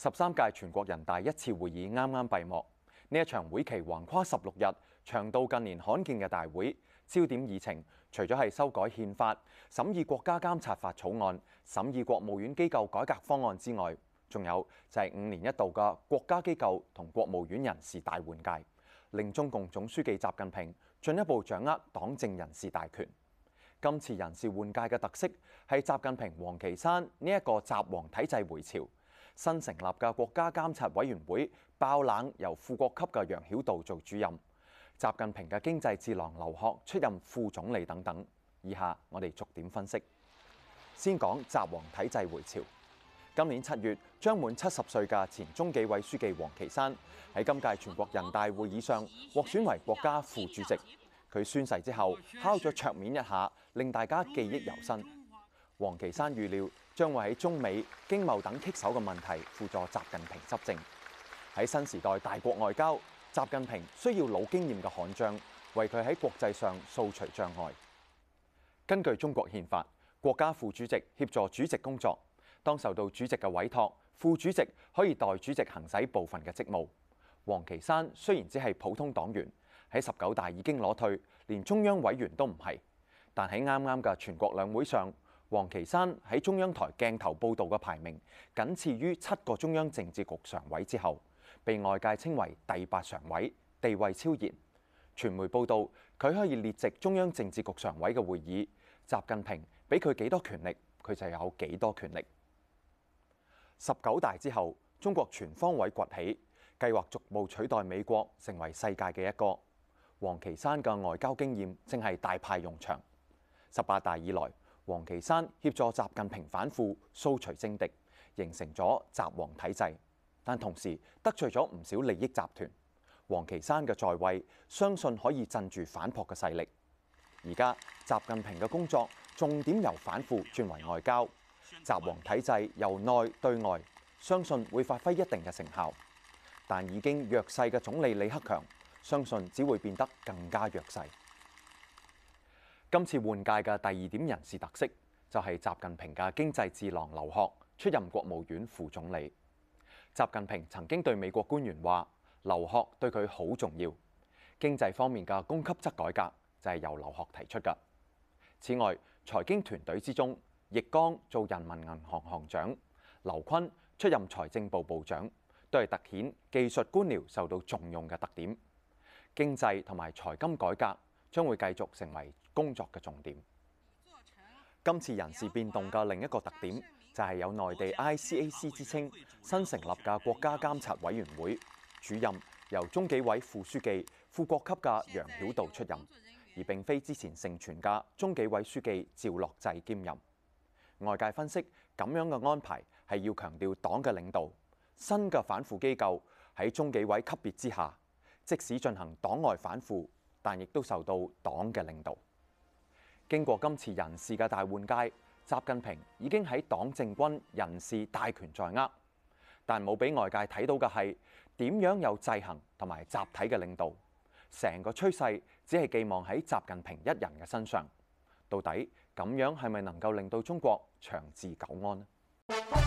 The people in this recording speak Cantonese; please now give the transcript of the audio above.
十三屆全國人大一次會議啱啱閉幕，呢一場會期橫跨十六日，長到近年罕見嘅大會。焦點議程除咗係修改憲法、審議國家監察法草案、審議國務院機構改革方案之外，仲有就係五年一度嘅國家機構同國務院人事大換屆，令中共總書記習近平進一步掌握黨政人事大權。今次人事換屆嘅特色係習近平、王岐山呢一個習王體制回潮。新成立嘅國家監察委員會爆冷由副國級嘅楊曉渡做主任。習近平嘅經濟智囊劉鶴出任副總理等等，以下我哋逐點分析。先講習王體制回潮。今年七月，將滿七十歲嘅前中紀委書記王岐山喺今屆全國人大會議上獲選為國家副主席。佢宣誓之後敲咗桌面一下，令大家記憶猶新。王岐山預料將會喺中美經貿等棘手嘅問題輔助習近平執政，喺新時代大國外交，習近平需要老經驗嘅悍將為佢喺國際上掃除障礙。根據中國憲法，國家副主席協助主席工作，當受到主席嘅委託，副主席可以代主席行使部分嘅職務。王岐山雖然只係普通黨員，喺十九大已經攞退，連中央委員都唔係，但喺啱啱嘅全國兩會上，王岐山喺中央台鏡頭報道嘅排名，僅次於七個中央政治局常委之後，被外界稱為第八常委，地位超然。傳媒報道佢可以列席中央政治局常委嘅會議，習近平俾佢幾多權力，佢就有幾多權力。十九大之後，中國全方位崛起，計劃逐步取代美國成為世界嘅一個。王岐山嘅外交經驗正係大派用場。十八大以來。王岐山協助習近平反腐、掃除政敵，形成咗“習王”體制，但同時得罪咗唔少利益集團。王岐山嘅在位，相信可以鎮住反撲嘅勢力。而家習近平嘅工作重點由反腐轉為外交，“習王”體制由內對外，相信會發揮一定嘅成效。但已經弱勢嘅總理李克強，相信只會變得更加弱勢。今次換屆嘅第二點人事特色，就係習近平嘅經濟智囊劉鶴出任國務院副總理。習近平曾經對美國官員話：劉鶴對佢好重要。經濟方面嘅供給側改革就係由劉鶴提出嘅。此外，財經團隊之中，易綱做人民銀行行長，劉昆出任財政部部長，都係凸顯技術官僚受到重用嘅特點。經濟同埋財金改革，將會繼續成為工作嘅重點。今次人事變動嘅另一個特點就係有內地 ICAC 之稱新成立嘅國家監察委員會主任由中紀委副書記副國級嘅楊曉渡出任，而並非之前盛傳嘅中紀委書記趙樂際兼任。外界分析咁樣嘅安排係要強調黨嘅領導，新嘅反腐機構喺中紀委級別之下，即使進行黨外反腐。但亦都受到黨嘅領導。經過今次人事嘅大換屆，習近平已經喺黨政軍人事大權在握，但冇俾外界睇到嘅係點樣有制衡同埋集體嘅領導。成個趨勢只係寄望喺習近平一人嘅身上。到底咁樣係咪能夠令到中國長治久安呢？